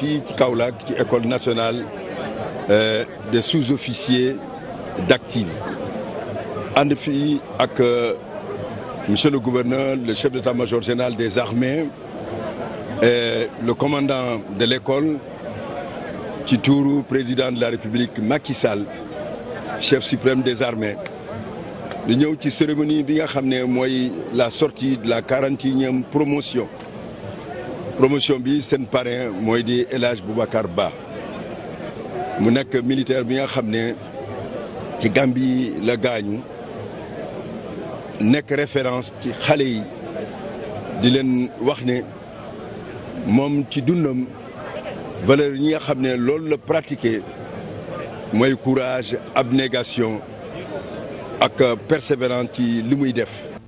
fii ci Kaolack ci école nationale euh, des sous-officiers d'active ànd fii ak euh, monsieur le gouverneur le chef d'état-major général des armées et le commandant de l'école ci tuuru président de la République Macky Sall chef suprême des armées di ñëw ci cérémonie bi nga xam ne mooy la sortie de la quarante et unième promotion promotion bi seen parrain mooy di El Hadj Boubacar Ba mu nekk militaire bi nga xam ne ci Gambie la gaañu nekk référence ci xale yi di leen wax ne moom ci dundam valeur yi nga xam ne loolu la pratiquer mooy courage abnégation ak persévérance ci li muy def